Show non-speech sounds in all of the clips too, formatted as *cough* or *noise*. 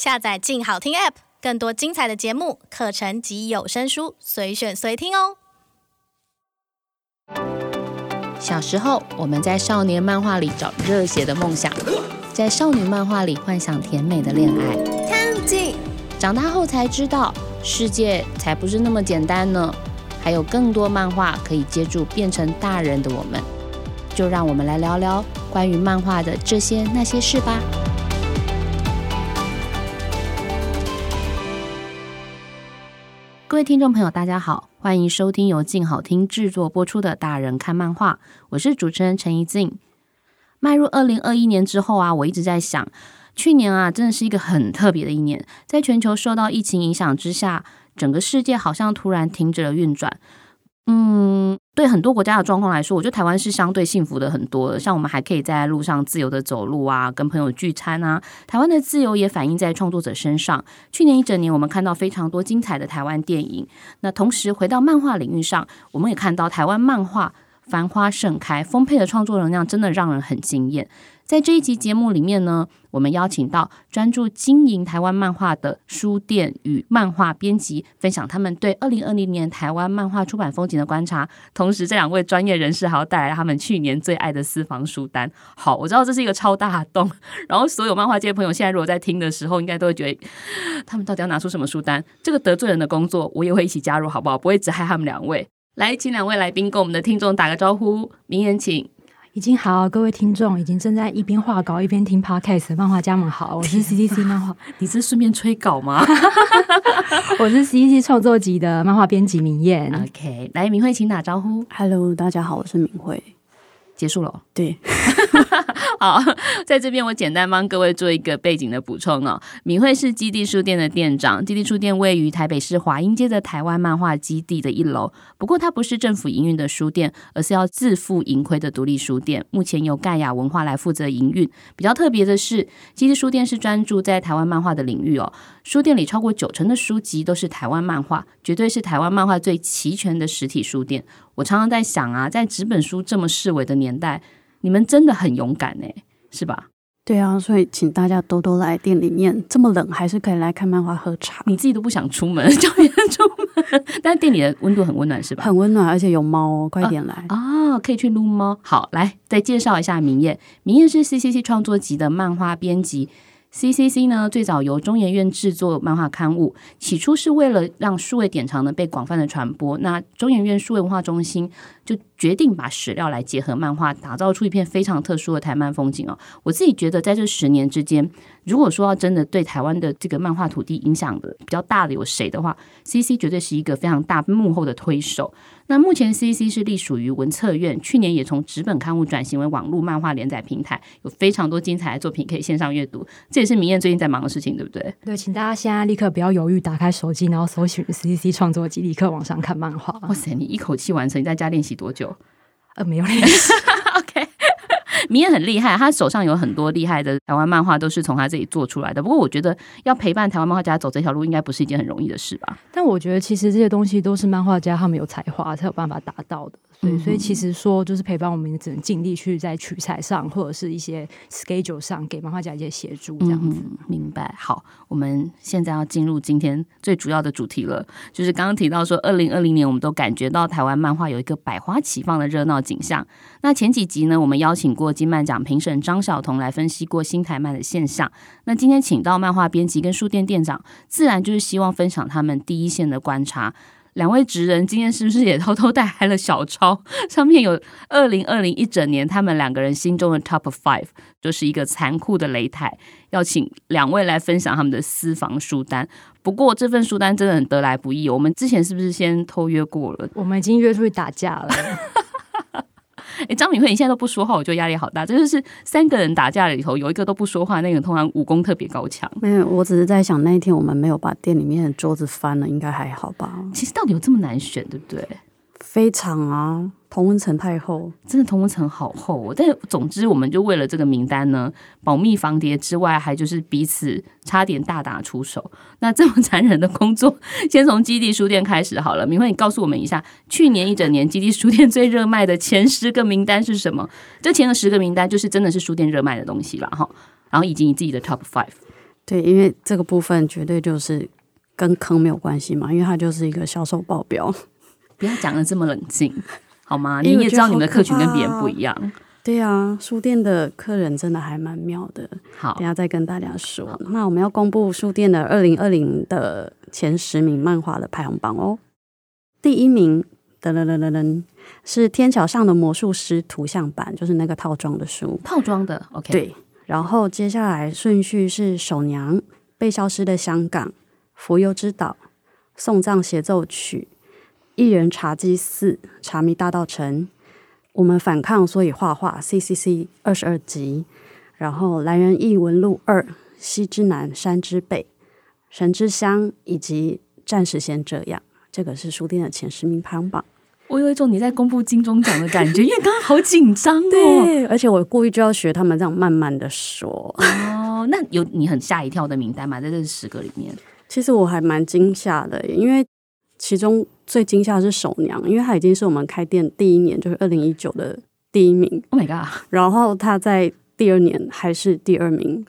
下載“鏡好聽 ”App，更多精彩的節目、課程及有聲書，隨選隨聽哦。小時候，我們在少年漫畫裡找熱血的夢想，在少女漫畫裡幻想甜美的戀愛。長大後才知道，世界才不是那麼簡單呢。還有更多漫畫可以接住，變成大人的我們，就讓我們來聊聊關於漫畫的這些那些事吧。各位聽眾朋友，大家好，歡迎收聽由靜好聽制作播出的《大人看漫畫》，我是主持人陳怡靜。邁入二零二一年之後啊，我一直在想，去年啊，真的是一個很特別的一年，在全球受到疫情影響之下，整個世界好像突然停止了運轉。嗯。對很多國家的狀況來說，我覺得台灣是相對幸福的很多。像我們還可以在路上自由的走路啊，跟朋友聚餐啊。台灣的自由也反映在創作者身上。去年一整年，我們看到非常多精彩的台灣電影。那同時回到漫畫領域上，我們也看到台灣漫畫繁花盛開，豐沛的創作能量真的讓人很驚艷。在這一集節目裡面呢，我們邀請到專注經營台灣漫畫的書店與漫畫編輯，分享他們對二零二零年台灣漫畫出版風景的觀察。同時，這兩位專業人士還要帶來他們去年最愛的私房書單。好，我知道這是一個超大洞。然後，所有漫畫界的朋友現在如果在聽的時候，應該都會覺得他們到底要拿出什麼書單？這個得罪人的工作，我也會一起加入，好不好？不會只害他們兩位。來，請兩位來賓跟我們的聽眾打個招呼，明年請。已經好，各位聽眾已經正在一邊畫稿一邊聽 podcast 漫畫家們好，我是 CCC 漫畫， *laughs* 你是順便催稿嗎？ *laughs* *laughs* 我是 CCC 創作集的漫畫編輯明燕，OK，來明慧，請打招呼，Hello，大家好，我是明慧。結束了，哦。對， *laughs* 好，在這邊我簡單幫各位做一個背景的補充哦。敏慧是基地書店的店長，基地書店位於台北市華陰街的台灣漫畫基地的一樓。不過，它不是政府營運的書店，而是要自負盈虧的獨立書店。目前由蓋亞文化來負責營運。比較特別的是，基地書店是專注在台灣漫畫的領域哦。書店裡超過九成的書籍都是台灣漫畫，絕對是台灣漫畫最齊全的實體書店。我常常在想啊，在紙本書這麼式微的年代，你們真的很勇敢呢，是吧？對啊，所以請大家多多來店裡面。這麼冷，還是可以來看漫畫喝茶。你自己都不想出門，叫別人出門， *laughs* 但店裡的溫度很溫暖，是吧？很溫暖，而且有貓哦，快點來啊，啊！可以去擼貓。好，來再介紹一下明豔。明豔是 CCC 創作集的漫畫編輯。C C C 呢，最早由中研院製作漫畫刊物，起初是為了讓數位典藏呢被廣泛的傳播。那中研院數位文化中心就決定把史料來結合漫畫，打造出一片非常特殊的台灣風景哦。我自己覺得，在這十年之間，如果說要真的對台灣的這個漫畫土地影響的比較大的有誰的話，C C 絕對是一個非常大幕後的推手。那目前 CC 是隸屬於文策院，去年也從紙本刊物轉型為網絡漫畫連載平台，有非常多精彩的作品可以線上閱讀，這也是明燕最近在忙的事情，對不對？對，請大家現在立刻不要猶豫，打開手機，然後搜尋 CCC 創作集，立刻網上看漫畫。哇塞，你一口氣完成，你在家練習多久？呃，沒有練習。 *laughs* 你也很厲害，他手上有很多厲害的台灣漫畫，都是從他這裡做出來的。不過我覺得，要陪伴台灣漫畫家走這條路，應該不是一件很容易的事吧？但我覺得，其實這些東西都是漫畫家他們有才華才有辦法達到的。對，所以其實說就是陪伴我們，也只能盡力去在取材上或者是一些 schedule 上給漫畫家一些協助這樣子。嗯，明白。好，我們現在要進入今天最主要的主題了，就是剛剛提到說，二零二零年我們都感覺到台灣漫畫有一個百花齊放的熱鬧景象。那前幾集呢，我們邀請過金漫獎評審張曉彤來分析過新台漫的現象。那今天請到漫畫編輯跟書店店長，自然就是希望分享他們第一線的觀察。兩位職人今天是不是也偷偷帶來了小抄？上面有二零二零一整年他們兩個人心中的 Top Five，就是一個殘酷的擂台，要請兩位來分享他們的私房書單。不過這份書單真的很得來不易，我們之前是不是先偷約過了？我們已經約出去打架了。 *laughs* 哎，張敏慧，你現在都不說話，我就壓力好大。這就是三個人打架裡頭，有一個都不說話，那個人通常武功特別高強。沒有，我只是在想那一天我們沒有把店裡面的桌子翻了，應該還好吧？其實到底有這麼難選，對不對？非常啊，同溫層太厚，真的同溫層好厚哦。但總之，我們就為了這個名單呢，保密防諜之外，還就是彼此差點大打出手。那這麼殘忍的工作，先從基地書店開始好了。明慧，你告訴我們一下，去年一整年基地書店最熱賣的前十個名單是什麼？這前的十個名單就是真的是書店熱賣的東西了哈。然後以及你自己的 Top Five。對，因為這個部分絕對就是跟坑沒有關係嘛，因為它就是一個銷售報表。不要講得這麼冷靜，好嗎？欸、你也知道你們的客群跟別人不一樣，欸。對啊，書店的客人真的還蠻妙的。好，等一下再跟大家說。好那我們要公布書店的二零二零的前十名漫畫的排行榜哦。第一名，噔噔噔噔噔，是《天橋上的魔術師》圖像版，就是那個套裝的書，套裝的。OK，對。然後接下來順序是《守娘》、《被消失的香港》、《浮游之島》、《送葬協奏曲》、一人茶几四茶迷大道城，我們反抗所以畫畫。CCC 二十二集，然後來源異文錄二西之南山之北神之鄉，以及暫時先這樣。這個是書店的前十名排行榜。我有一種你在公布金鐘獎的感覺， *laughs* 因為剛剛好緊張哦，而且我故意就要學他們這樣慢慢的說。哦，oh, 那有你很嚇一跳的名單嗎？在這十個裡面，其實我還蠻驚嚇的，因為其中。最驚嚇是守娘，因為她已經是我們開店第一年，就是二零一九的第一名。Oh my god！然後她在第二年還是第二名。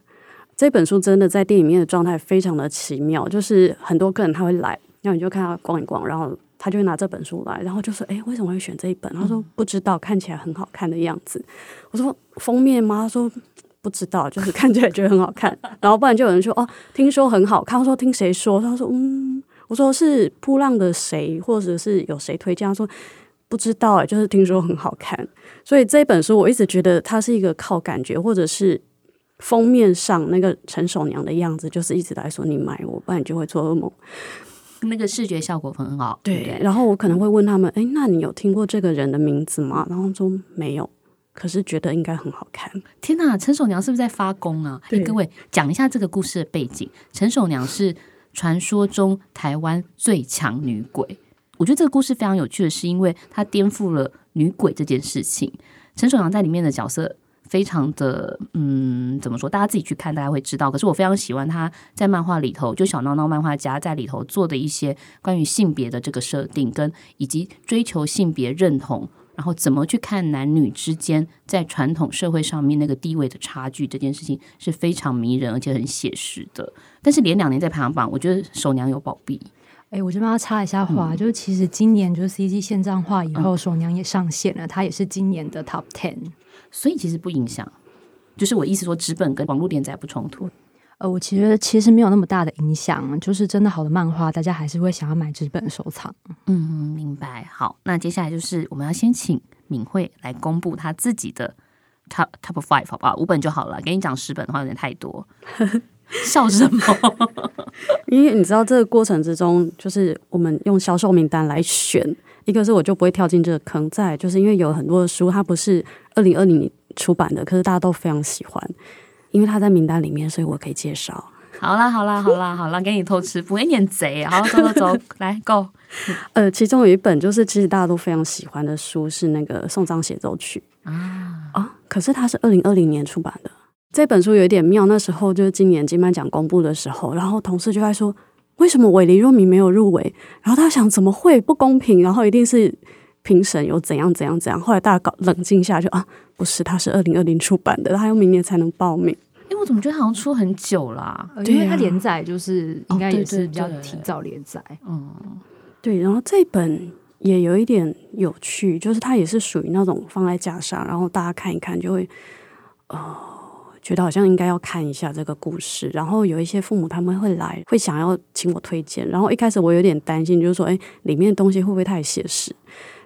這本書真的在店裡面的狀態非常的奇妙，就是很多客人他會來，然後你就看他逛一逛，然後他就會拿這本書來，然後就說：“誒，為什麼會選這一本？”他說：“不知道，看起來很好看的樣子。嗯”我說：“封面嗎？”他說：“不知道，就是看起來覺得很好看。” *laughs* 然後不然就有人說：“哦，聽說很好看。”我說：“聽誰說？”他說：“嗯。”我說，是噗浪的誰，或者是有誰推薦？他說不知道誒、欸，就是聽說很好看。所以這本書我一直覺得它是一個靠感覺，或者是封面上那個陳守娘的樣子，就是一直來說，你買我，我不然你就會做噩夢。那個視覺效果很好，對。然後我可能會問他們，哎，那你有聽過這個人的名字嗎？然後說沒有，可是覺得應該很好看。天哪，陳守娘是不是在發功啊對誒？各位講一下這個故事的背景。陳守娘是。傳說中台灣最強女鬼，我覺得這個故事非常有趣的是，因為它顛覆了女鬼這件事情。陳守娘在裡面的角色非常的，嗯，怎麼說？大家自己去看，大家會知道。可是我非常喜歡她在漫畫裡頭，就小峱峱漫畫家在裡頭做的一些關於性別的這個設定跟，跟以及追求性別認同。然後怎麼去看男女之間在傳統社會上面那個地位的差距這件事情是非常迷人而且很寫實的。但是連兩年在排行榜，我覺得《守娘》有保庇誒、欸，我這邊要插一下話，嗯、就是其實今年就是 CG 線上化以後，嗯，《守娘》也上線了，她也是今年的 Top Ten，所以其實不影響。就是我意思說，紙本跟網絡連載不衝突。呃，我其實其實沒有那麼大的影響，嗯、就是真的好的漫畫，大家還是會想要買紙本收藏。嗯，明白。好，那接下來就是我們要先請敏慧來公布她自己的 top top five 好不好？五本就好了。給你講十本的話，有點太多，。 *laughs* 笑什麼？ *laughs* 因為你知道這個過程之中，就是我們用銷售名單來選，一個是我就不會跳進這個坑，再就是因為有很多的書它不是二零二零年出版的，可是大家都非常喜歡。因為他在名單裡面，所以我可以介紹。好啦，好啦，好啦，好啦，給你偷吃，不會念賊，好，走走走，來，Go。呃，其中有一本就是其實大家都非常喜歡的書，是那個《送葬協奏曲》啊、哦、可是它是二零二零年出版的。這本書有一點妙，那時候就是今年金漫獎公布的時候，然後同事就在說，為什麼韋蘺若明沒有入圍？然後他想，怎麼會不公平？然後一定是。評審有怎樣怎樣怎樣，後來大家搞冷靜下去啊，不是，它是二零二零出版的，它要明年才能報名。為、欸、我怎麼覺得好像出很久了、啊呃？因為它連載就是、啊、應該也是比較提早連載。哦、對對對對對對嗯，對。然後這本也有一點有趣，就是它也是屬於那種放在架上，然後大家看一看就會，呃，覺得好像應該要看一下這個故事。然後有一些父母他們會來，會想要請我推薦。然後一開始我有點擔心，就是說，誒，裡面的東西會不會太寫實？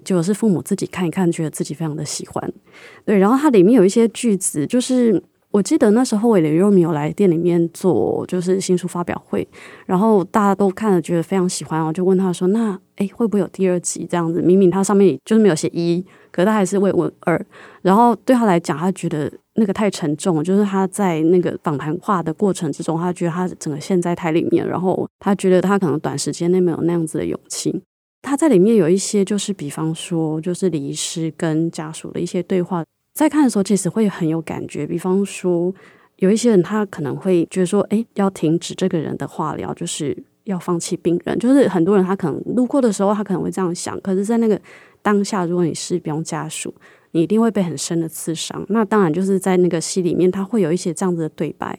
就是父母自己看一看，覺得自己非常的喜歡，對。然後它裡面有一些句子，就是我記得那時候我的 roommate 有來店裡面做，就是新書發表會，然後大家都看了，覺得非常喜歡哦，然後就問他說：“那哎，會不會有第二集這樣子？”明明他上面就是沒有寫一，可是他還是會問二。然後對他來講，他覺得那個太沉重，就是他在那個訪談話的過程之中，他覺得他整個陷在太裡面，然後他覺得他可能短時間內沒有那樣子的勇氣。他在裡面有一些，就是比方說，就是禮儀師跟家屬的一些對話，在看的時候，其實會很有感覺。比方說，有一些人他可能會覺得說，誒、欸，要停止這個人的化療，就是要放棄病人，就是很多人他可能路過的時候，他可能會這樣想。可是，在那個當下，如果你是病人家屬，你一定會被很深的刺傷。那當然，就是在那個戲裡面，他會有一些這樣子的對白，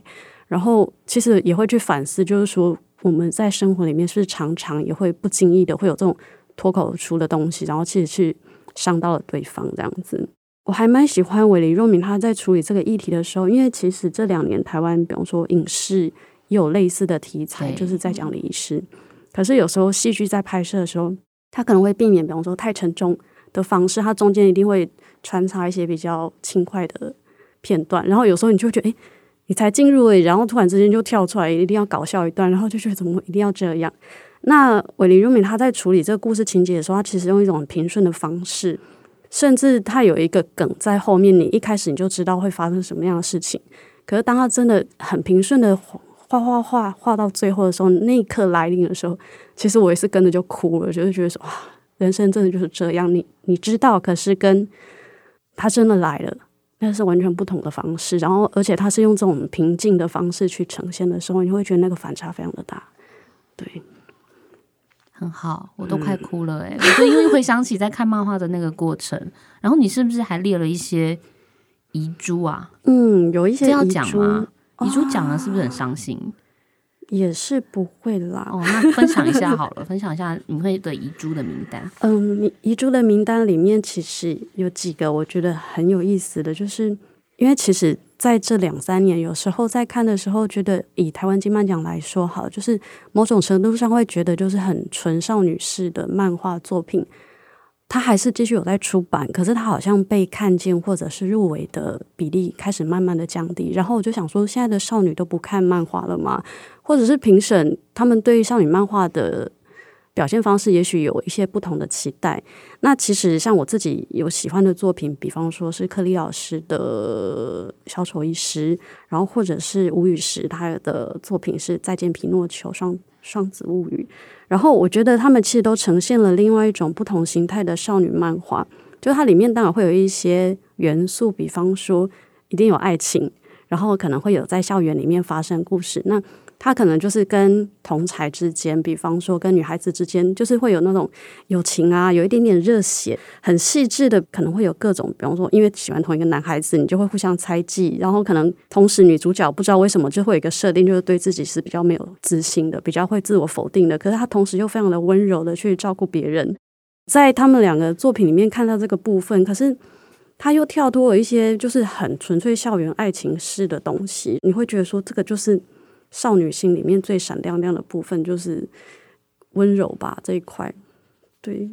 然後其實也會去反思，就是說。我們在生活裡面是不是常常也會不經意的會有這種脫口而出的東西，然後其實去傷到了對方這樣子。我還蠻喜歡韋蘺若明他在處理這個議題的時候，因為其實這兩年台灣，比方說影視也有類似的題材，就是在講離世。對可是有時候戲劇在拍攝的時候，他可能會避免，比方說太沉重的方式，他中間一定會穿插一些比較輕快的片段，然後有時候你就會覺得，誒。你才進入誒，然後突然之間就跳出來，一定要搞笑一段，然後就覺得怎麼一定要這樣？那韋蘺若明他在處理這個故事情節的時候，他其實用一種很平順的方式，甚至他有一個梗在後面，你一開始你就知道會發生什麼樣的事情。可是當他真的很平順的畫畫畫畫,畫到最後的時候，那一刻來臨的時候，其實我也是跟着就哭了，就是覺得說哇，人生真的就是這樣，你你知道，可是跟他真的來了。但是完全不同的方式，然後而且他是用這種平靜的方式去呈現的時候，你會覺得那個反差非常的大，對，很好，我都快哭了誒、欸，嗯、我就因為回想起在看漫畫的那個過程， *laughs* 然後你是不是還列了一些遺珠啊？嗯，有一些遺珠要講嗎？遺珠講了是不是很傷心？哦也是不會啦。哦，那分享一下好了， *laughs* 分享一下你們的遺珠的名單。嗯，遺珠的名單裡面其實有幾個我覺得很有意思的，就是因為其實在這兩三年，有時候在看的時候，覺得以台灣金漫獎來說，好，就是某種程度上會覺得就是很純少女式的漫畫作品。他還是繼續有在出版，可是他好像被看見或者是入圍的比例開始慢慢的降低。然後我就想說，現在的少女都不看漫畫了嗎？或者是評審他們對少女漫畫的表現方式也許有一些不同的期待。那其實像我自己有喜歡的作品，比方說是克里老師的《小丑醫師》，然後或者是吳宇石他的作品是《再見匹諾丘》《雙雙子物語》。然後我覺得他們其實都呈現了另外一種不同形態的少女漫畫，就是它裡面當然會有一些元素，比方說一定有愛情，然後可能會有在校園裡面發生故事。那他可能就是跟同儕之間，比方說跟女孩子之間，就是會有那種友情啊，有一點點熱血，很細緻的，可能會有各種，比方說因為喜歡同一個男孩子，你就會互相猜忌，然後可能同時女主角不知道為什麼就會有一個設定，就是對自己是比較沒有自信的，比較會自我否定的，可是她同時又非常的溫柔的去照顧別人，在他們兩個作品裡面看到這個部分，可是他又跳脫了一些，就是很純粹校園愛情式的東西，你會覺得說這個就是。少女心裡面最閃亮亮的部分就是溫柔吧這一塊，對，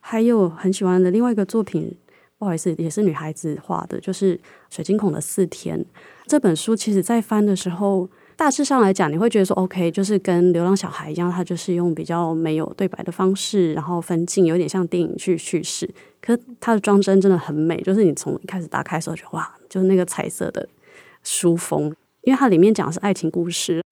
還有很喜歡的另外一個作品，不好意思，也是女孩子畫的，就是《水晶孔的四天》這本書其實在翻的時候，大致上來講，你會覺得說，OK，就是跟流浪小孩一樣，他就是用比較沒有對白的方式，然後分鏡有點像電影去敘事。可它的裝幀真,真的很美，就是你從一開始打開的時候就，就哇，就是那個彩色的書封。因為它裡面講的是愛情故事，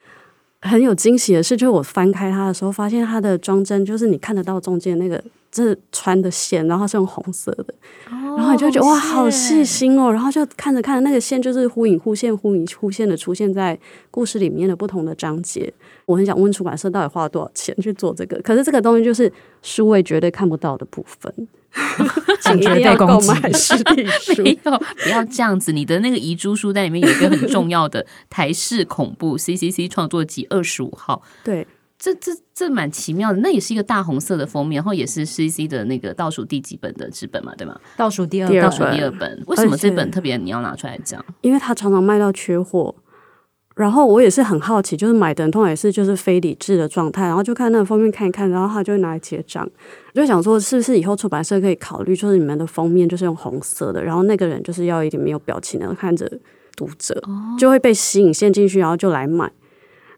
很有驚喜的是，就是我翻開它的時候，發現它的裝幀就是你看得到中間那個這、就是、穿的線，然後是用紅色的，oh, 然後你就會覺得 yeah. 哇，好細心哦。然後就看着看着，那個線就是忽隱忽現、忽隱忽現的出現在故事裡面的不同的章節。我很想問出版社到底花了多少錢去做這個，可是這個東西就是數位絕對看不到的部分。請絕對購買實體書 *laughs* 不要這樣子。你的那個遺珠書單裡面有一個很重要的台式恐怖 *laughs* C C C 創作集二十五號，對，這這這蠻奇妙的。那也是一個大紅色的封面，然後也是 C C 的那個倒數第幾本的紙本嘛，對嗎？倒數第二，第二，倒數第二本，為什麼這本特別你要拿出來講？因為它常常賣到缺貨。然後我也是很好奇，就是買的人通常也是就是非理智的狀態，然後就看那個封面看一看，然後他就拿來結賬，就想說是不是以後出版社可以考慮，就是你們的封面就是用紅色的，然後那個人就是要一點沒有表情的看着讀者，就會被吸引陷進去，然後就來買。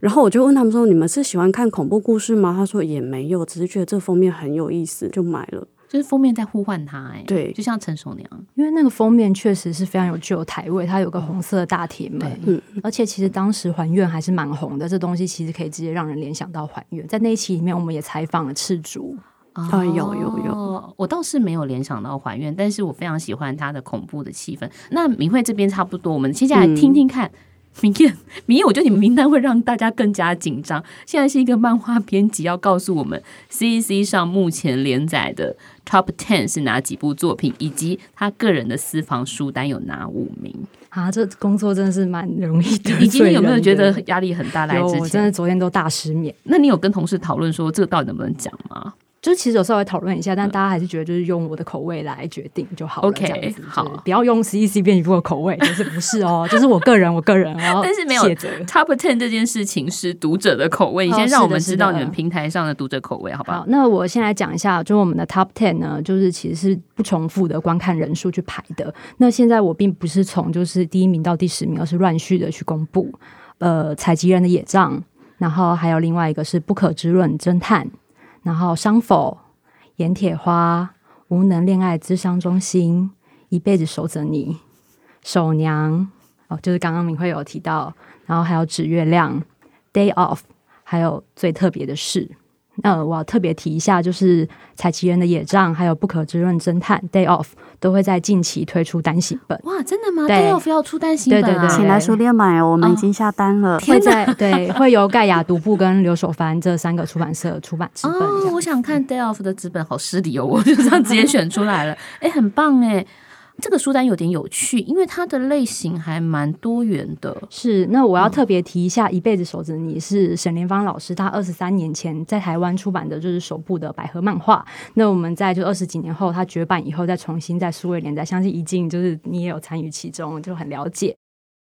然後我就問他們說：“你們是喜歡看恐怖故事嗎？”他說：“也沒有，只是覺得這封面很有意思，就買了。”就是封面在呼喚他、欸，哎，對，就像成熟那樣，因為那個封面確實是非常有具有台味，它有個紅色的大鐵門，嗯，而且其實當時還願還是蠻紅的，這東西其實可以直接讓人聯想到還願。在那一期裡面，我們也採訪了赤足，啊，有有有，有有有我倒是沒有聯想到還願，但是我非常喜歡他的恐怖的氣氛。那明慧這邊差不多，我們接下來聽聽看。嗯明豔，明豔，我覺得你們名單會讓大家更加緊張。現在是一個漫畫編輯要告訴我們，C C 上目前連載的 Top Ten 是哪幾部作品，以及他個人的私房書單有哪五名啊？這工作真的是蠻容易的。你今天有沒有覺得壓力很大？對對來之前，我真的昨天都大失眠。那你有跟同事討論說這個到底能不能講嗎？就其實我稍微討論一下，但大家還是覺得就是用我的口味來決定就好了，k Okay,、就是、好，不要用 C E C 編輯部的口味，就是不是哦， *laughs* 就是我個人，我個人。哦。 *laughs* 但是沒有 Top Ten 這件事情是讀者的口味，哦、你先讓我們知道你們平台上的讀者口味好不好？那我先來講一下，就是我們的 Top Ten 呢，就是其實是不重複的觀看人數去排的。那現在我並不是從就是第一名到第十名，而是亂序的去公布。呃，採集人的野帳，然後還有另外一個是不可知論偵探。然後傷否，閻鐵花，無能戀愛諮商中心，一輩子守着你，守娘，哦，就是剛剛明慧有提到，然後還有指月亮，Day Off，還有最特別的事。呃，我要特別提一下，就是採集人的野帳，還有不可知論偵探 Day Off 都會在近期推出單行本。哇，真的嗎對？Day Off 要出單行本？啊，對對對，請來書店買哦，喔，我們已經下單了。哦，會在對，會由蓋亞獨步，跟留守番這三個出版社出版紙本哦，我想看 Day Off 的紙本，好失禮哦，喔，我就這樣直接選出來了。哎、 *laughs* 欸，很棒哎，欸。這個書單有點有趣，因為它的類型還蠻多元的。是，那我要特別提一下《嗯、一輩子守著你》是沈蓮芳老師，他二十三年前在台灣出版的就是首部的百合漫畫。那我們在就二十幾年後，它絕版以後，再重新在書衛連再相信已經就是你也有參與其中，就很了解。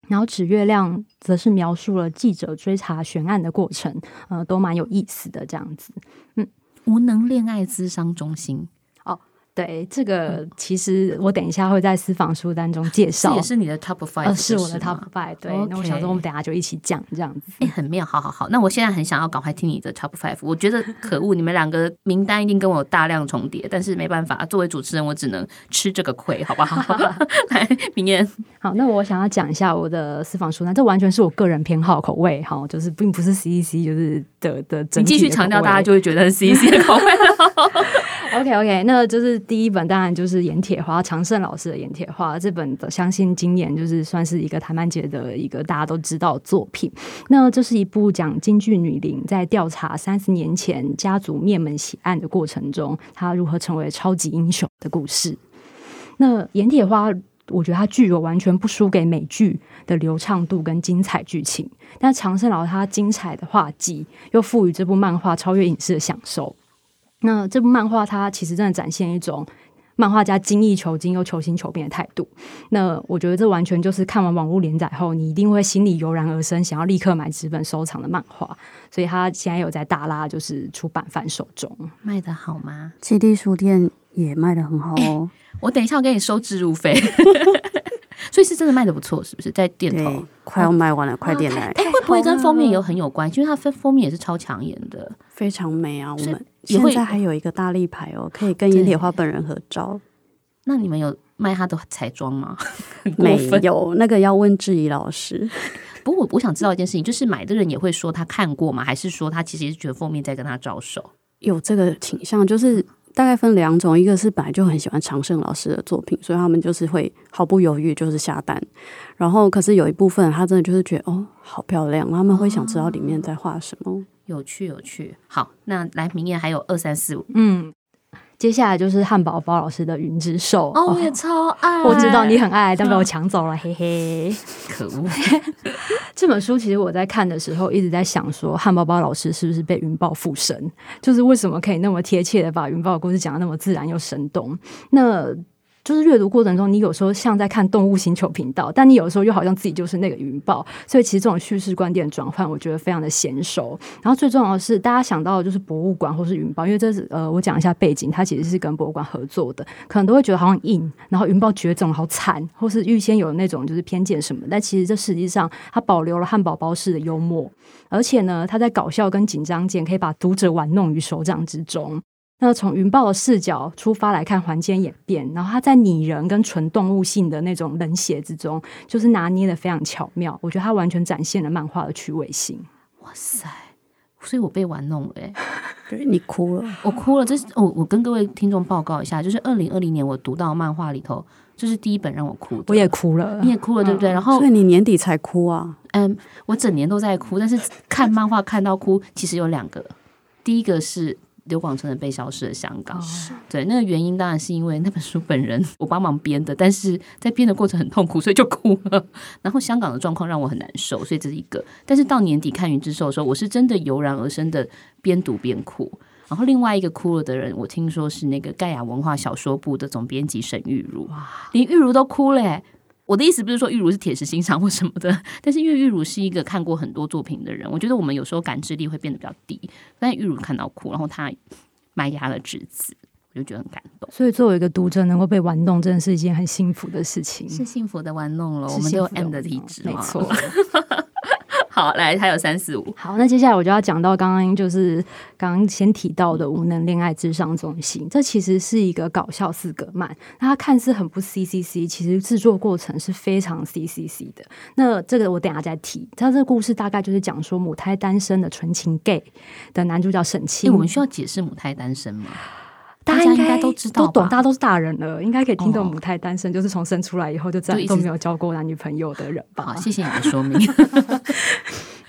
然後《指月亮》則是描述了記者追查懸案的過程，呃，都蠻有意思的這樣子。嗯，《無能戀愛諮商中心》。對，這個其實我等一下會在私房書當中介紹，嗯、是也是你的 top five，呃、是我的 top five 嗎。對，Okay. 那我想說我們等下就一起講這樣子誒，很妙。好好好，那我現在很想要趕快聽你的 top five。我覺得可惡， *laughs* 你們兩個名單一定跟我有大量重疊，但是沒辦法，作為主持人我只能吃這個虧，好不好？ *laughs* *laughs* 來，明人。好，那我想要講一下我的私房書單，這完全是我個人偏好的口味，哈，就是並不是 C E C，就是的的、的。你繼續強調，大家就會覺得 C E C 的口味了。 *laughs* OK，OK，okay, okay, 那就是第一本，當然就是《閻鐵花》常勝老師的《閻鐵花》，這本，相信今年就是算是一個台漫界的一個大家都知道的作品。那這是一部講京劇女伶在調查三十年前家族滅門血案的過程中，她如何成為超級英雄的故事。那《閻鐵花》，我覺得它具有完全不輸給美劇的流暢度跟精彩劇情，但常勝老師他精彩的畫技又賦予這部漫畫超越影視的享受。那這部漫畫它其實真的展現一種漫畫家精益求精又求新求變的態度。那我覺得這完全就是看完網絡連載後，你一定會心裡油然而生想要立刻買紙本收藏的漫畫。所以他現在有在大拉就是出版販售中賣的好嗎？基地書店也賣的很好哦、欸。我等一下我給你收置入費 *laughs* 所以是真的賣的不錯，是不是在店頭？快要賣完了，啊，快點來！哎，啊，會不會跟封面有很有關係？因為它封封面也是超搶眼的，非常美啊！我們現在還有一個大立牌哦，可以跟閻鐵花本人合照。對，那你們有賣他的彩妝嗎？沒有，那個要問智怡老師。 *laughs* 不過我想知道一件事情，就是買的人也會說他看過嗎？還是說他其實也是覺得封面在跟他招手？有這個傾向，就是。大概分兩種，一個是本來就很喜歡常勝老師的作品，所以他們就是會毫不猶豫就是下單。然後，可是有一部分他真的就是覺得哦，好漂亮，他們會想知道裡面在畫什麼，哦、有趣有趣。好，那來明年還有二三四五，嗯。接下來就是漢堡包老師的雲獸《雲之獸》，哦，我也超愛，我知道你很愛，嗯、但被我搶走了，嗯、嘿嘿，可惡惡！ *laughs* 這本書其實我在看的時候一直在想，說漢堡包老師是不是被雲豹附身？就是為什麼可以那麼貼切的把雲豹的故事講得那麼自然又生動？那。就是閱讀過程中，你有時候像在看動物星球頻道，但你有時候又好像自己就是那個雲豹。所以，其實這種敘事觀點轉換，我覺得非常的嫻熟。然後最重要的是，大家想到的就是博物館或是雲豹，因為這是呃，我講一下背景，它其實是跟博物館合作的，可能都會覺得好像硬。然後雲豹絕種好慘，或是預先有那種就是偏見什麼。但其實這實際上它保留了漢堡包式的幽默，而且呢，它在搞笑跟緊張間可以把讀者玩弄於手掌之中。那從雲豹的視角出發來看環境演變，然後他在擬人跟純動物性的那種冷血之中，就是拿捏得非常巧妙。我覺得他完全展現了漫畫的趣味性。哇塞！所以我被玩弄了，欸，誒，對，你哭了，我哭了。這是我，我跟各位聽眾報告一下，就是二零二零年我讀到漫畫裡頭，這是第一本讓我哭的。我也哭了，你也哭了，對不對？啊，然後，所以你年底才哭啊？嗯，我整年都在哭，但是看漫畫看到哭，其實有兩個。第一個是柳廣成的《被消失的香港》是，對，那個原因當然是因為那本書本人我幫忙編的，但是在編的過程很痛苦，所以就哭了。然後香港的狀況讓我很難受，所以這是一個。但是到年底看雲之獸的時候，我是真的油然而生的，邊讀邊哭。然後另外一個哭了的人，我聽說是那個蓋亞文化小說部的總編輯沈玉茹，哇連玉茹都哭了、欸。我的意思不是說玉如是鐵石心腸或什麼的，但是因為玉如是一個看過很多作品的人，我覺得我們有時候感知力會變得比較低。但玉如看到哭，然後他埋壓了侄子，我就覺得很感動。所以作為一個讀者，能夠被玩弄，真的是一件很幸福的事情，是幸福的玩弄了，弄咯，我們都有 M 的體質嗎？沒錯。 *laughs* 好，來還有三四五。好，那接下來我就要講到剛剛就是剛剛先提到的無能戀愛諮商中心。嗯、這其實是一個搞笑四格漫那它看似很不 C C C，其實制作過程是非常 C C C 的。那這個我等下再提。它這個故事大概就是講說母胎單身的純情 gay 的男主角沈清、欸。我們需要解釋母胎單身嗎？大家應該都知道，都懂，大家都是大人了，應該可以聽到母胎單身、哦、就是從生出來以後就再都沒有交過男女朋友的人吧？ *laughs* 好，謝謝你的說明。 *laughs*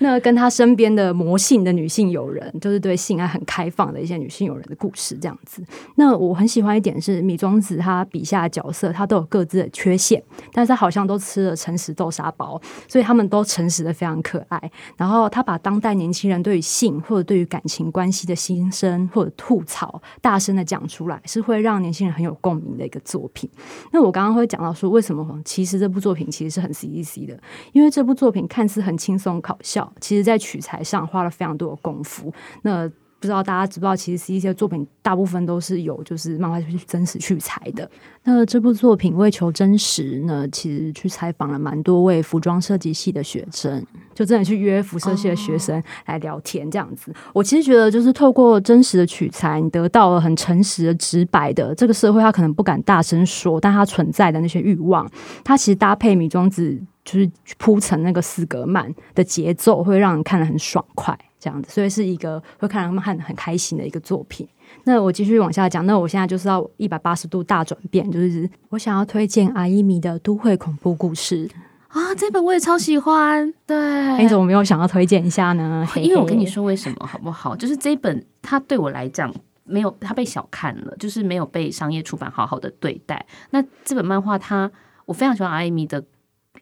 那跟他身邊的魔性的女性友人，就是對性愛很開放的一些女性友人的故事，這樣子。那我很喜歡一點是，米莊子他筆下的角色，他都有各自的缺陷，但是他好像都吃了誠實豆沙包，所以他們都誠實的非常可愛。然後他把當代年輕人對於性或者對於感情關係的心聲或者吐槽，大聲的講出來，是會讓年輕人很有共鳴的一個作品。那我剛剛會講到說，為什麼其實這部作品其實是很 C E C 的，因為這部作品看似很輕鬆搞笑。其實，在取材上花了非常多的功夫。那不知道大家知不知道，其實一些作品大部分都是有，就是漫畫去真實取材的。那這部作品為求真實呢，其實去採訪了蠻多位服裝設計系的學生，就真的去約服設系的學生來聊天，這樣子。Oh. 我其實覺得，就是透過真實的取材，你得到了很誠實的、直白的這個社會，他可能不敢大聲說，但他存在的那些欲望，它其實搭配米莊子。就是鋪陳那個四格漫的節奏，會讓人看得很爽快，這樣子，所以是一個會看他們看得很開心的一個作品。那我繼續往下講，那我現在就是要一百八十度大轉變，就是我想要推薦阿姨米的《都會恐怖故事》啊，這本我也超喜歡。嗯、對、欸，你怎麼沒有想要推薦一下呢？嘿嘿，因為我跟你說為什麼好不好？就是這一本它對我來講沒有，它被小看了，就是沒有被商業出版好好的對待。那這本漫畫，它我非常喜歡阿姨米的。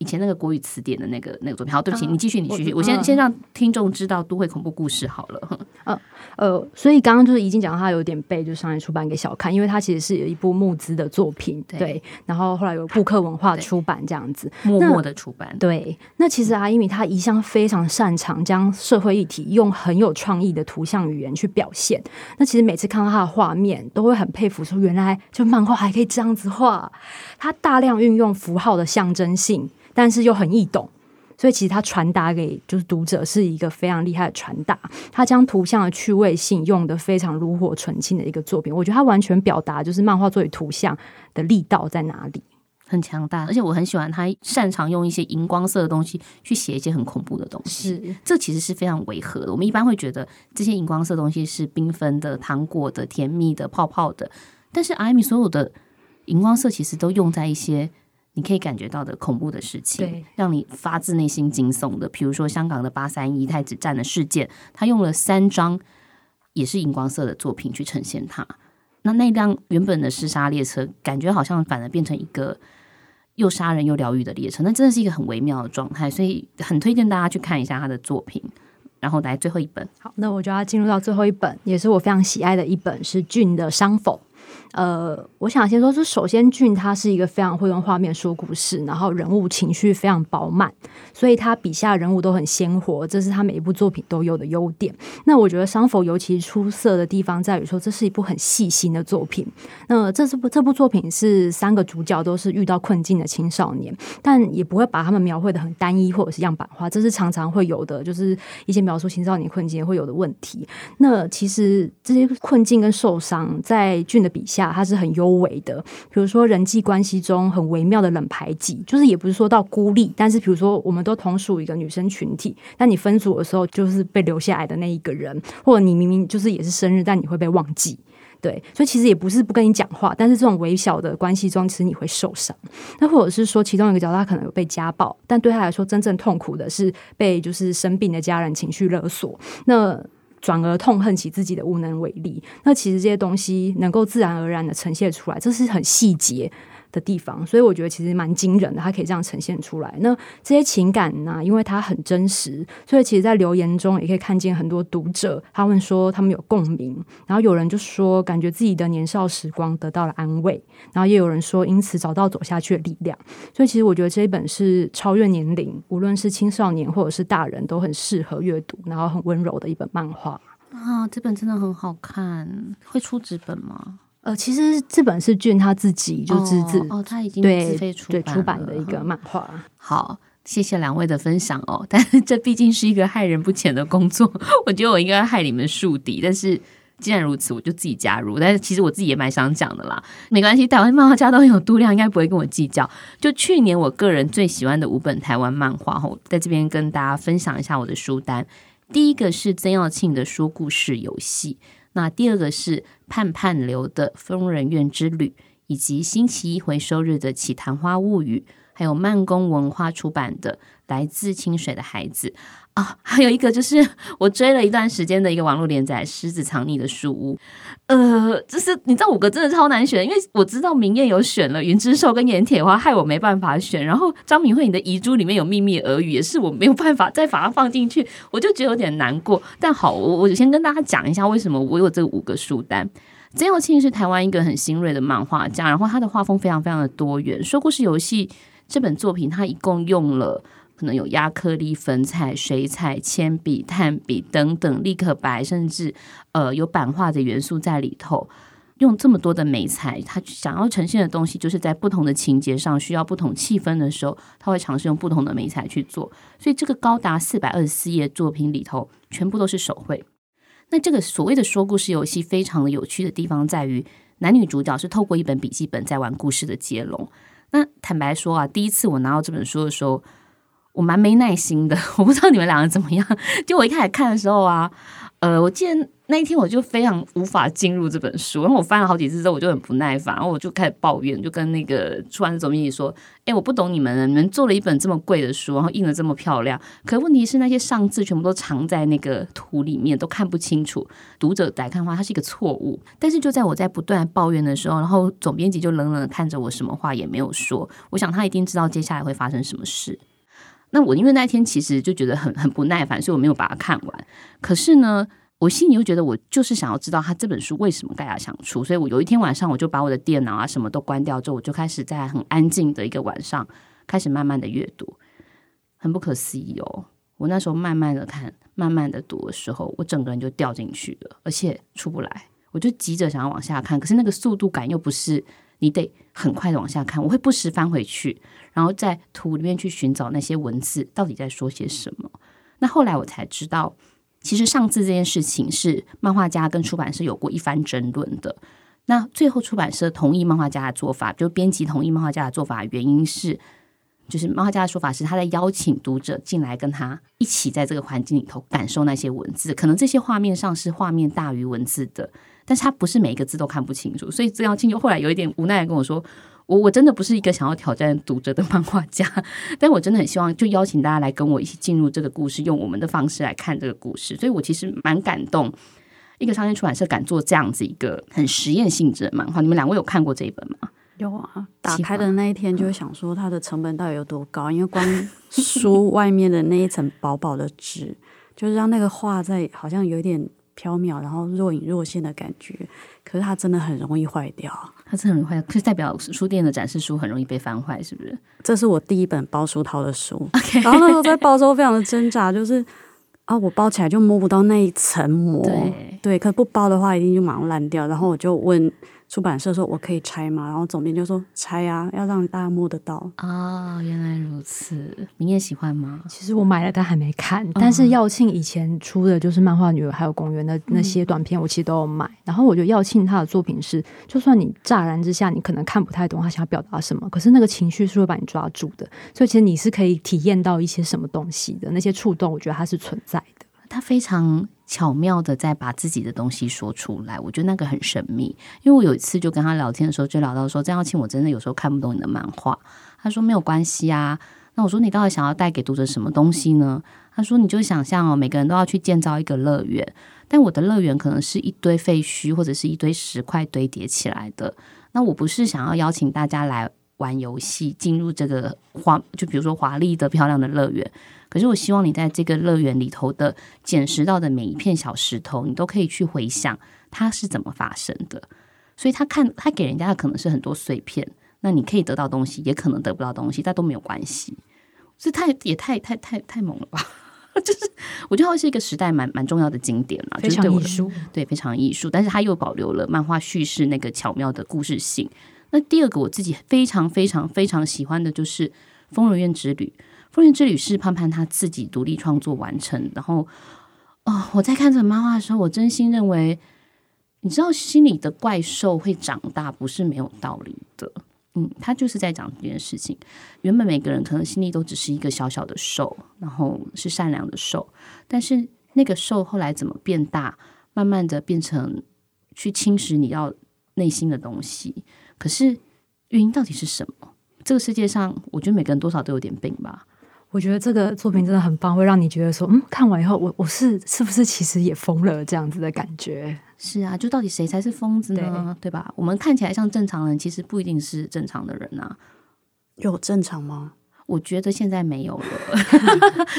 以前那個國語詞典的那個那個作品，好，對不起，你繼續，嗯、你繼續，我，我先、嗯、先讓聽眾知道《都會恐怖故事》好了。嗯呃，所以剛剛就是已經講到他有點被就商業出版給小看，因為他其實是有一部募資的作品，對，對。然後後來有顧客文化出版這樣子，對那默默的出版。對，那其實阿、啊、因為他一向非常擅長將社會議題用很有創意的圖像語言去表現。那其實每次看到他的畫面，都會很佩服，說原來就漫畫還可以這樣子畫。他大量運用符號的象徵性。但是又很易懂，所以其實他傳達給就是讀者是一個非常厲害的傳達。他將圖像的趣味性用得非常爐火純青的一個作品，我覺得他完全表達就是漫畫作為圖像的力道在哪裡，很強大。而且我很喜歡他擅長用一些熒光色的東西去寫一些很恐怖的東西。是，這其實是非常違和的。我們一般會覺得這些熒光色的東西是繽紛的、糖果的、甜蜜的、泡泡的，但是艾米所有的熒光色其實都用在一些。你可以感覺到的恐怖的事情，對讓你發自內心驚悚的，比如說香港的八三一太子站的事件，他用了三張也是熒光色的作品去呈現它。那那輛原本的屍殺列車，感覺好像反而變成一個又殺人又療癒的列車。那真的是一個很微妙的狀態，所以很推薦大家去看一下他的作品。然後來最後一本，好，那我就要進入到最後一本，也是我非常喜愛的一本，是俊的《傷否》。呃，我想先說，是首先俊他是一個非常會用畫面說故事，然後人物情緒非常飽滿，所以他筆下的人物都很鮮活，這是他每一部作品都有的優點。那我覺得《商否》尤其出色的地方在於說，這是一部很細心的作品。那這，這部這部作品是三個主角都是遇到困境的青少年，但也不會把他們描繪得很單一或者是樣板化，這是常常會有的，就是一些描述青少年困境會有的問題。那其實這些困境跟受傷，在俊的筆底下它是很幽微的，比如說人際關係中很微妙的冷排擠，就是也不是說到孤立，但是比如說我們都同屬一個女生群體，但你分組的時候就是被留下來的那一個人，或者你明明就是也是生日，但你會被忘記，對，所以其實也不是不跟你講話，但是這種微小的關係中，其實你會受傷。那或者是說其中一個角度，他可能有被家暴，但對他來說真正痛苦的是被就是生病的家人情緒勒索。那轉而痛恨起自己的無能為力，那其實這些東西能夠自然而然的呈現出來，這是很細節的地方，所以我覺得其實蠻驚人的，它可以這樣呈現出來。那這些情感呢、啊，因為它很真實，所以其實在留言中也可以看見很多讀者，他們說，他們有共鳴，然後有人就說感覺自己的年少時光得到了安慰，然後也有人說因此找到走下去的力量。所以其實我覺得這一本是超越年齡，無論是青少年或者是大人都很適合閱讀，然後很溫柔的一本漫畫。啊，這本真的很好看，會出紙本嗎？呃，其實這本是俊他自己就是自哦，哦他已經自費，對對出版的一個漫畫。哦、好，謝謝兩位的分享哦。但是這畢竟是一個害人不淺的工作，我覺得我應該害你們樹敵。但是既然如此，我就自己加入。但是其實我自己也蠻想講的啦，沒關係，台灣漫畫家都有度量，應該不會跟我計較。就去年我個人最喜歡的五本台灣漫畫，哦，我在這邊跟大家分享一下我的書單。第一個是曾耀慶的《說故事遊戲》。那第二個是盼盼流的《瘋人院之旅》，以及星期一回收日的《綺譚花物語》，還有慢工文化出版的《來自清水的孩子》。啊、哦，還有一個就是我追了一段時間的一個網絡連載《獅子藏匿的書屋》，呃，就是你知道五個真的超難選，因為我知道明艷有選了雲之獸跟閻鐵花，害我沒辦法選。然後張敏慧，你的遺珠裡面有秘密耳語，也是我沒有辦法再把它放進去，我就覺得有點難過。但好，我我就先跟大家講一下為什麼我有這五個書單。曾耀慶是台灣一個很新銳的漫畫家，然後他的畫風非常非常的多元。《說故事遊戲》這本作品，他一共用了。可能有壓克力、粉彩、水彩、鉛筆、炭筆等等，立可白，甚至呃有版畫的元素在裡頭。用這麼多的媒材，他想要呈現的東西，就是在不同的情節上需要不同氣氛的時候，他會嘗試用不同的媒材去做。所以這個高達四百二十四頁作品裡頭，全部都是手繪。那這個所謂的說故事遊戲，非常的有趣的地方在於，男女主角是透過一本筆記本在玩故事的接龍。那坦白說啊，第一次我拿到這本書的時候，我蠻沒耐心的，我不知道你們兩個怎麼樣。就我一開始看的時候啊，呃，我記得那一天我就非常無法進入這本書，然後我翻了好幾次之後我就很不耐煩，然後我就開始抱怨，就跟那個出版總編輯說：“欸，我不懂你們了，你們做了一本這麼貴的書，然後印得這麼漂亮，可問題是那些上字全部都藏在那個圖裡面，都看不清楚。讀者來看的話，它是一個錯誤。”但是就在我在不斷抱怨的時候，然後總編輯就冷冷的看着我，什麼話也沒有說。我想他一定知道接下來會發生什麼事。那我因為那天其實就覺得很很不耐煩，所以我沒有把它看完。可是呢，我心裡又覺得我就是想要知道他這本書為什麼蓋亞想出，所以我有一天晚上，我就把我的電腦啊什麼都關掉之後，我就開始在很安靜的一個晚上開始慢慢的閱讀。很不可思議哦！我那時候慢慢的看，慢慢的讀的時候，我整個人就掉進去了，而且出不來。我就急着想要往下看，可是那個速度感又不是。你得很快地往下看，我會不時翻回去，然後在圖裡面去尋找那些文字到底在說些什麼。那後來我才知道，其實上字這件事情是漫畫家跟出版社有過一番爭論的。那最後出版社同意漫畫家的做法，就編輯同意漫畫家的做法，原因是，就是漫畫家的說法是他在邀請讀者進來跟他一起在這個環境裡頭感受那些文字，可能這些畫面上是畫面大於文字的。但是他不是每一個字都看不清楚，所以鄭耀慶就後來有一點無奈的跟我說：“我我真的不是一個想要挑戰讀者的漫畫家，但我真的很希望就邀請大家來跟我一起進入這個故事，用我們的方式來看這個故事。”所以，我其實蠻感動，一個商業出版社敢做這樣子一個很實驗性質的漫畫。你們兩位有看過這一本嗎？有啊，打開的那一天就想說它的成本到底有多高，嗯、因為光書外面的那一層薄薄的紙， *laughs* 就是讓那個畫在好像有點。飄渺，然後若隱若現的感覺，可是它真的很容易壞掉。它真的很容易壞掉，就代表書店的展示書很容易被翻壞，是不是？這是我第一本包書套的書，Okay. 然後那時候在包的時候非常的掙扎，就是啊，我包起來就摸不到那一層膜，對，對，可不包的話一定就馬上爛掉。然後我就問。出版社說我可以拆嗎？然後總編就說拆啊，要讓大家摸得到。啊。哦，原來如此。你也喜歡嗎？其實我買了，但還沒看。嗯。但是耀慶以前出的就是《漫畫女兒》還有《公園》的那些短片，我其實都有買。嗯。然後我覺得耀慶他的作品是，就算你乍然之下，你可能看不太懂他想要表達什麼，可是那個情緒是會把你抓住的。所以其實你是可以體驗到一些什麼東西的，那些觸動，我覺得它是存在的。他非常巧妙的在把自己的東西說出來，我覺得那個很神秘。因為我有一次就跟他聊天的時候，就聊到說張耀慶，我真的有時候看不懂你的漫畫。他說沒有關係啊。那我說你到底想要帶給讀者什麼東西呢？他說你就想象，哦，每個人都要去建造一個樂園，但我的樂園可能是一堆廢墟或者是一堆石塊堆疊起來的。那我不是想要邀請大家來玩遊戲，進入這個華，就比如說華麗的、漂亮的樂園。可是我希望你在這個樂園裡頭的撿拾到的每一片小石頭，你都可以去回想它是怎麼發生的。所以他看他給人家的可能是很多碎片，那你可以得到東西，也可能得不到東西，但都沒有關係。這太也太太太太太猛了吧！ *laughs* 就是我覺得它是一個時代蠻蠻重要的經典了，就像藝術，對，對，非常藝術。但是它又保留了漫畫敘事那個巧妙的故事性。那第二個我自己非常非常非常喜歡的就是《瘋人院之旅》。《風雲之旅》是潘潘他自己獨立創作完成。然後，哦，我在看這個漫畫的時候，我真心認為，你知道，心裡的怪獸會長大，不是沒有道理的。嗯，他就是在講這件事情。原本每個人可能心裡都只是一個小小的獸，然後是善良的獸，但是那個獸後來怎麼變大，慢慢的變成去侵蝕你要內心的東西。可是原因到底是什麼？這個世界上，我覺得每個人多少都有點病吧。我覺得這個作品真的很棒，會讓你覺得說，嗯，看完以後，我我是是不是其實也瘋了這樣子的感覺？是啊，就到底誰才是瘋子呢？對，對吧？我們看起來像正常人，其實不一定是正常的人啊。有正常嗎？我覺得現在沒有了。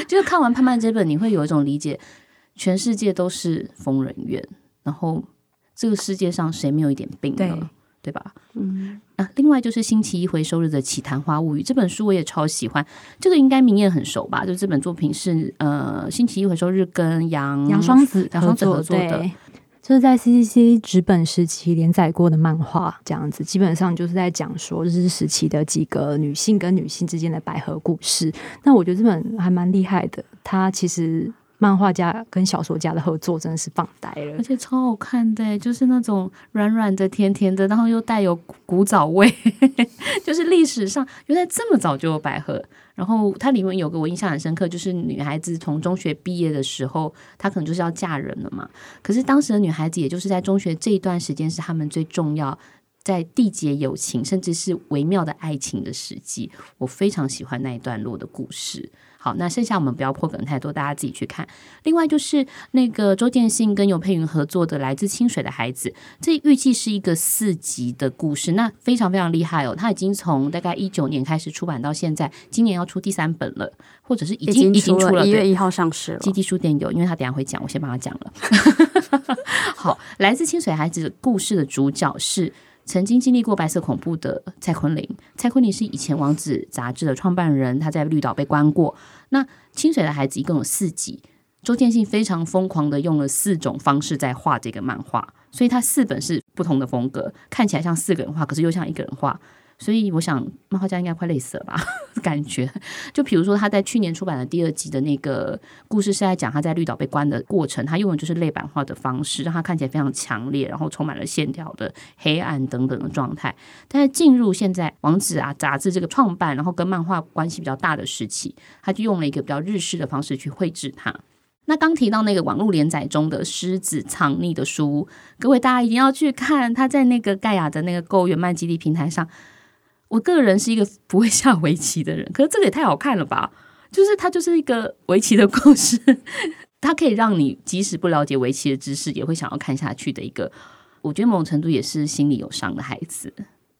就是看完《盼盼》這本，你會有一種理解：全世界都是瘋人院，然後這個世界上誰沒有一點病？對。對吧？嗯啊，另外就是星期一回收日的《綺譚花物語》這本書，我也超喜歡。這個應該明眼很熟吧？就這本作品是呃，星期一回收日跟楊楊雙子合作做的，這、就是在 C C C 直本時期連載過的漫畫。這樣子基本上就是在講說日治時期的幾個女性跟女性之間的百合故事。那我覺得這本還蠻厲害的，它其實。漫畫家跟小說家的合作真的是棒呆了，而且超好看的，就是那種軟軟的、甜甜的，然後又帶有古早味， *laughs* 就是歷史上原來這麼早就有百合。然後它裡面有個我印象很深刻，就是女孩子從中學畢業的時候，她可能就是要嫁人了嘛。可是當時的女孩子，也就是在中學這一段時間是她們最重要，在締結友情甚至是微妙的愛情的時機。我非常喜歡那一段落的故事。好，那剩下我們不要破梗太多，大家自己去看。另外就是那個周見信跟游珮芸合作的《來自清水的孩子》，這預計是一個四集的故事，那非常非常厲害哦。他已經從大概一九年開始出版到現在，今年要出第三本了，或者是已經已經出了，一月一號上市了。基地書店有，因為他等一下會講，我先幫他講了。 *laughs* 好， *laughs* 《來自清水孩子》的故事的主角是。曾經經歷過白色恐怖的蔡焜霖，蔡焜霖是以前《王子》雜誌的創辦人，他在綠島被關過。那《清水的孩子》一共有四集，周見信非常瘋狂地用了四種方式在畫這個漫畫，所以他四本是不同的風格，看起來像四個人畫，可是又像一個人畫。所以我想，漫畫家應該快累死了吧？感覺，就比如說他在去年出版的第二集的那個故事，是在講他在綠島被關的過程。他用的就是類版畫的方式，讓他看起來非常強烈，然後充滿了線條的黑暗等等的狀態。但是進入現在王子啊、雜誌這個創辦，然後跟漫畫關係比較大的時期，他就用了一個比較日式的方式去繪制它。那剛提到那個網絡連載中的獅子藏匿的書，各位大家一定要去看，他在那個蓋亞的那個購原漫基地平台上。我個人是一個不會下圍棋的人，可是這個也太好看了吧！就是它就是一個圍棋的故事，它可以讓你即使不了解圍棋的知識，也會想要看下去的一個。我覺得某種程度也是心裡有傷的孩子、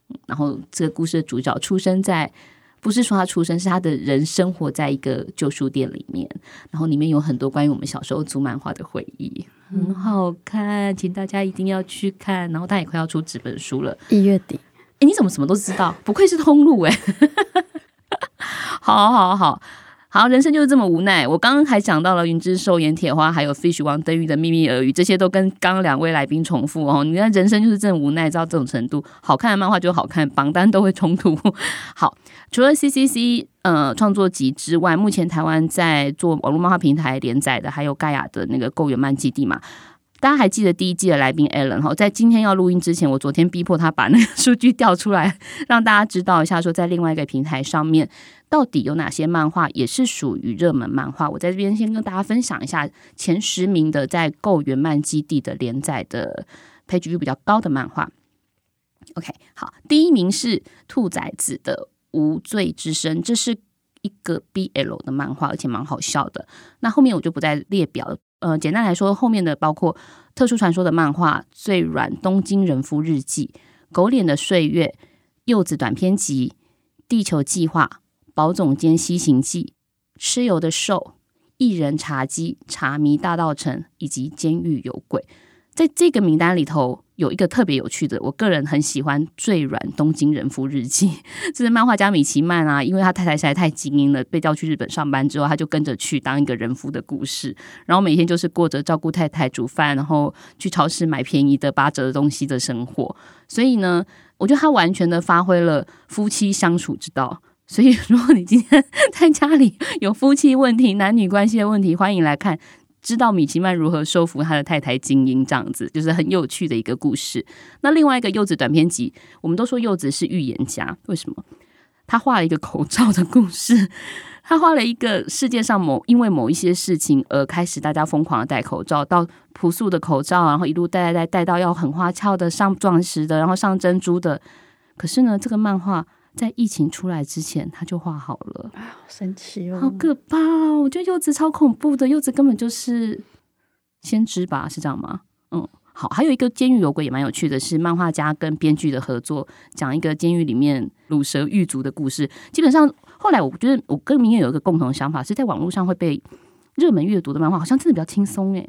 嗯。然後這個故事的主角出生在，不是說他出生，是他的人生活在一個舊書店裡面，然後裡面有很多關於我們小時候租漫畫的回憶，很好看，請大家一定要去看。然後他也快要出紙本書了，一月底。哎，你怎麼什麼都知道？不愧是通路哎、欸！ *laughs* 好好好好，好，人生就是這麼無奈。我剛剛還講到了《雲之獸》、《閻鐵花》，還有《Fish 王》、《登玉的秘密耳語》，這些都跟剛兩位來賓重複哦。你看，人生就是這麼無奈到這種程度。好看的漫畫就好看，榜單都會衝突。好，除了 CCC 呃創作集之外，目前台灣在做網絡漫畫平台連載的，還有蓋亞的那個 GO 原漫基地嘛。大家還記得第一季的來賓艾倫哈，在今天要錄音之前，我昨天逼迫他把那個數據調出來，讓大家知道一下，說在另外一個平台上面到底有哪些漫畫也是屬於熱門漫畫。我在這邊先跟大家分享一下前十名的在購原漫基地的連載的配置率比較高的漫畫。OK，好，第一名是兔崽子的無罪之身，這是一個 BL 的漫畫，而且蠻好笑的。那後面我就不再列表。呃，簡單來說，後面的包括《特殊傳說》的漫畫，《最軟東京人夫日記》《狗臉的歲月》《柚子短篇集》《地球計劃》《寶總監西行記》《蚩尤的獸》《異人茶跡》《茶迷大道城》以及《監獄有鬼》。在這個名單裡頭，有一個特別有趣的，我個人很喜歡《最軟東京人夫日記》，這是漫畫家米奇鰻啊。因為他太太實在太精英了，被調去日本上班之後，他就跟着去當一個人夫的故事。然後每天就是過着照顧太太、煮飯，然後去超市買便宜的八折的東西的生活。所以呢，我覺得他完全的發揮了夫妻相處之道。所以，如果你今天在家裡有夫妻問題、男女關係的問題，歡迎來看。知道米奇曼如何收服他的太太精英，這樣子，就是很有趣的一個故事。那另外一個柚子短篇集，我們都說柚子是預言家，為什麼？他畫了一個口罩的故事，他畫了一個世界上某因為某一些事情而開始大家瘋狂的戴口罩，到樸素的口罩，然後一路戴戴戴戴到要很花俏的上鑽石的，然後上珍珠的。可是呢，這個漫畫。在疫情出來之前，他就畫好了。好、啊、神奇哦！好可怕！哦，我覺得柚子超恐怖的。柚子根本就是先知吧？是這樣嗎？嗯，好。還有一個監獄有鬼也蠻有趣的是，是漫畫家跟編劇的合作，講一個監獄裡面魯蛇獄卒的故事。基本上後來我覺得，我跟明月有一個共同想法，是在網絡上會被熱門閱讀的漫畫，好像真的比較輕鬆誒。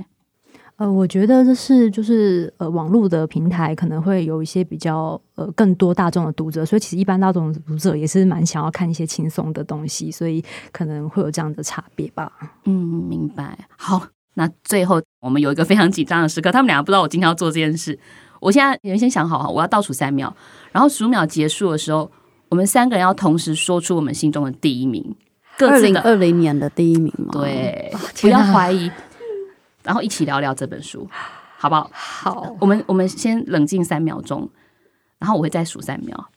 呃，我覺得這是就是呃，網絡的平台可能會有一些比較呃，更多大眾的讀者，所以其實一般大眾的讀者也是蠻想要看一些輕鬆的東西，所以可能會有這樣的差別吧。嗯，明白。好，那最後我們有一個非常緊張的時刻，他們倆不知道我今天要做這件事。我現在原先想好，好，我要倒數三秒，然後數秒結束的時候，我們三個人要同時說出我們心中的第一名。各自的。二零二零年的第一名嘛，對，不要、啊、懷疑。然後一起聊一聊這本書，好不好？好，我們我們先冷靜三秒鐘，然後我會再數三秒。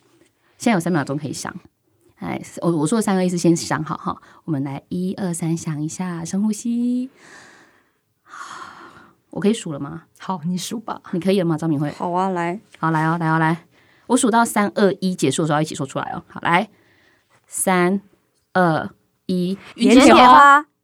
現在有三秒鐘可以想，哎、nice，我我說的三二一是先想好哈。我們來一二三，想一下，深呼吸。我可以數了嗎？好，你數吧。你可以了嗎？張敏慧，好啊，來，好來哦，來哦，來，我數到三二一結束的時候要一起說出來哦。好，來，三二一，野菊啊 *laughs*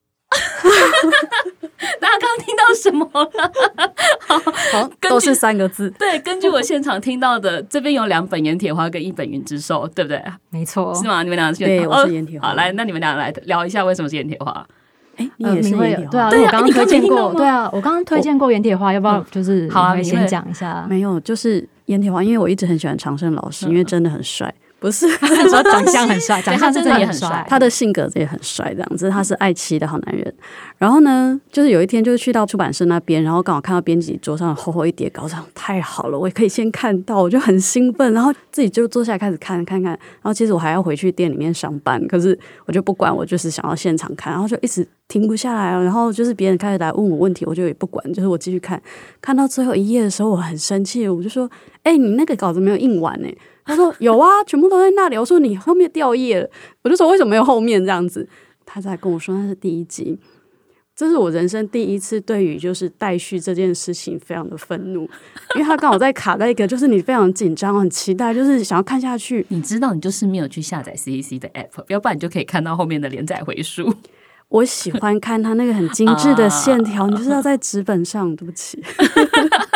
*laughs* 大家剛剛聽到什麼了？好，好，都是三個字。對，根據我現場聽到的，這邊有兩本《閻鐵花》跟一本《雲之獸》，對不對？沒錯，是嗎？你們兩個去？對，哦、我是閻鐵花。好，來，那你們倆來聊一下為什麼是閻鐵花？哎、欸，你也是閻鐵花？對啊，我剛剛推薦過，對啊，我剛剛推薦過閻鐵花，要不要？就是好啊，先講一下。沒有，就是閻鐵花，因為我一直很喜歡常勝老師，因為真的很帥。不是，他是說長相很帥， *laughs* 長相真的也很帥，他的性格也很帥，這樣子他是愛妻的好男人。嗯、然後呢，就是有一天就是去到出版社那邊，然後剛好看到編輯桌上厚厚一疊稿子，太好了，我也可以先看到，我就很興奮，然後自己就坐下來開始看，看看。然後其實我還要回去店裡面上班，可是我就不管，我就是想要現場看，然後就一直。停不下來了，然後就是別人開始來問我問題，我就也不管，就是我繼續看，看到最後一頁的時候，我很生氣，我就說：“哎、欸，你那個稿子沒有印完呢、欸？”他說：“有啊，全部都在那裡。” *laughs* 我說：“你後面掉頁了。”我就說：“為什麼沒有後面這樣子？”他在跟我說那是第一集，這是我人生第一次對於就是待續這件事情非常的憤怒，因為他剛好在卡在、那、一個，就是你非常緊張，很期待，就是想要看下去。你知道，你就是沒有去下載 C C 的 app，要不然你就可以看到後面的連載回數。我喜歡看他那個很精緻的線條，uh, 你就是要在紙本上。對不起，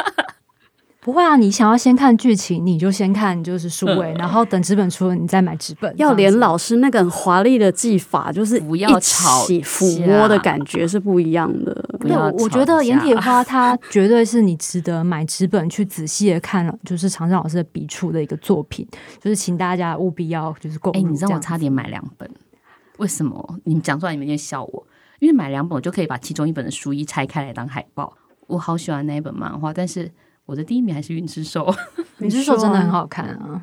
*laughs* 不會啊！你想要先看劇情，你就先看就是數位， *laughs* 然後等紙本出了你再買紙本。要連老師那個很華麗的技法，就是一起撫摸的感覺是不一樣的。對，我，我覺得《閻鐵花》它絕對是你值得買紙本 *laughs* 去仔細的看了，就是常勝老師的筆觸的一個作品，就是請大家務必要就是購。哎，你知道我差點買兩本。為什麼？你們講出來，你們一定笑我。因為買兩本，我就可以把其中一本的書衣拆開來當海報。我好喜歡那本漫畫，但是我的第一名還是雲之獸》啊。雲之獸真的很好看啊！嗯嗯，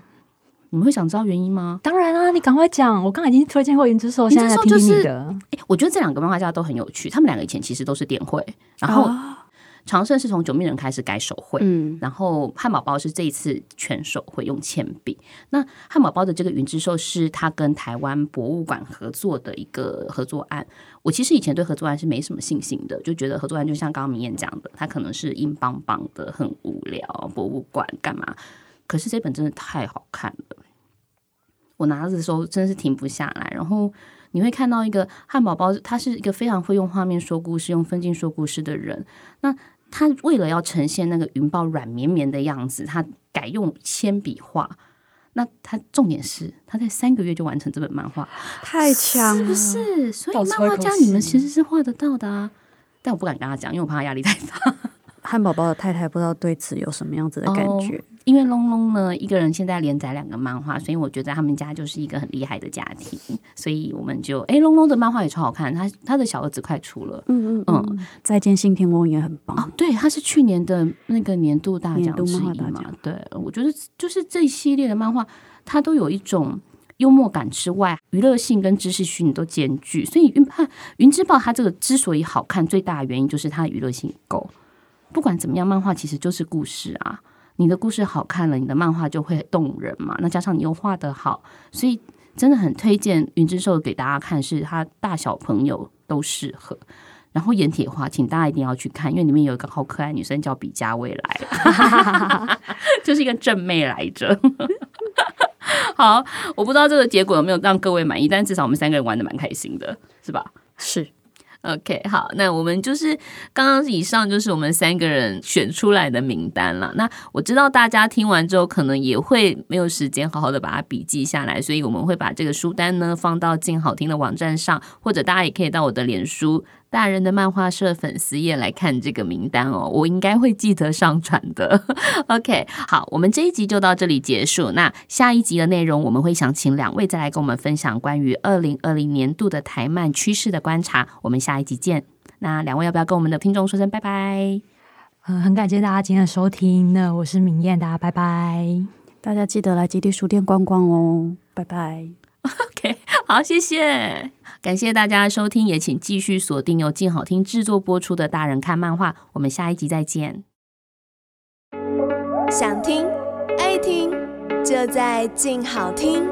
你們會想知道原因嗎？當然啦、啊，你趕快講。我剛才已經推薦過雲之獸》，現在聽聽、就是、欸……我覺得這兩個漫畫家都很有趣，他們兩個以前其實都是電繪然後，啊常勝是從九命人開始改手繪，嗯，然後漢堡包是這一次全手繪用鉛筆。那漢堡包的這個雲之獸是他跟台灣博物館合作的一個合作案。我其實以前對合作案是沒什麼信心的，就覺得合作案就像剛剛明彥講的，他可能是硬邦邦的、很無聊，博物館幹嘛？可是這本真的太好看了，我拿着的時候真的是停不下來。然後你會看到一個漢堡包，他是一個非常會用畫面說故事、用分鏡說故事的人。那他為了要呈現那個雲豹軟綿綿的樣子，他改用鉛筆畫。那他重點是，他在三個月就完成這本漫畫，太強了！是不是，所以漫畫家你們其實是畫得到的啊，但我不敢跟他講，因為我怕他壓力太大。漢堡包的太太不知道對此有什麼樣子的感覺，oh, 因為龍龍呢一個人現在連載兩個漫畫，所以我覺得他們家就是一個很厲害的家庭。所以我們就誒，龍龍的漫畫也超好看，他他的小兒子快出了，嗯嗯嗯，嗯再見信天翁也很棒、哦、對，他是去年的那個年度大獎之一嘛。對，我覺得就是這一系列的漫畫，它都有一種幽默感之外，娛樂性跟知識性都兼具。所以雲派雲之報它這個之所以好看，最大的原因就是它的娛樂性夠。不管怎麼樣，漫畫其實就是故事啊。你的故事好看了，你的漫畫就會動人嘛，那加上你又畫得好，所以真的很推薦《雲之獸》給大家看，是它大小朋友都適合。然後《閻鐵花》，請大家一定要去看，因為裡面有一個好可愛女生叫比嘉未來， *laughs* 就是一個正妹來着。 *laughs* 好，我不知道這個結果有沒有讓各位滿意，但至少我們三個人玩得蠻開心的，是吧？是。OK，好，那我們就是剛剛以上就是我們三個人選出來的名單了。那我知道大家聽完之後可能也會沒有時間好好的把它筆記下來，所以我們會把這個書單呢，放到鏡好聽的網站上，或者大家也可以到我的臉書。大人的漫畫社粉絲頁來看這個名單哦，我應該會記得上傳的。OK，好，我們這一集就到這裡結束。那下一集的內容，我們會想請兩位再來跟我們分享關於二零二零年度的台漫趨勢的觀察。我們下一集見。那兩位要不要跟我們的聽眾說聲拜拜？嗯、呃，很感謝大家今天的收聽。那我是明豔，大家拜拜。大家記得來基地書店逛逛哦，拜拜。OK，好，謝謝。感謝大家的收聽，也請繼續鎖定由靜好聽製作播出的《大人看漫畫》，我們下一集再見。想聽，愛聽，就在靜好聽。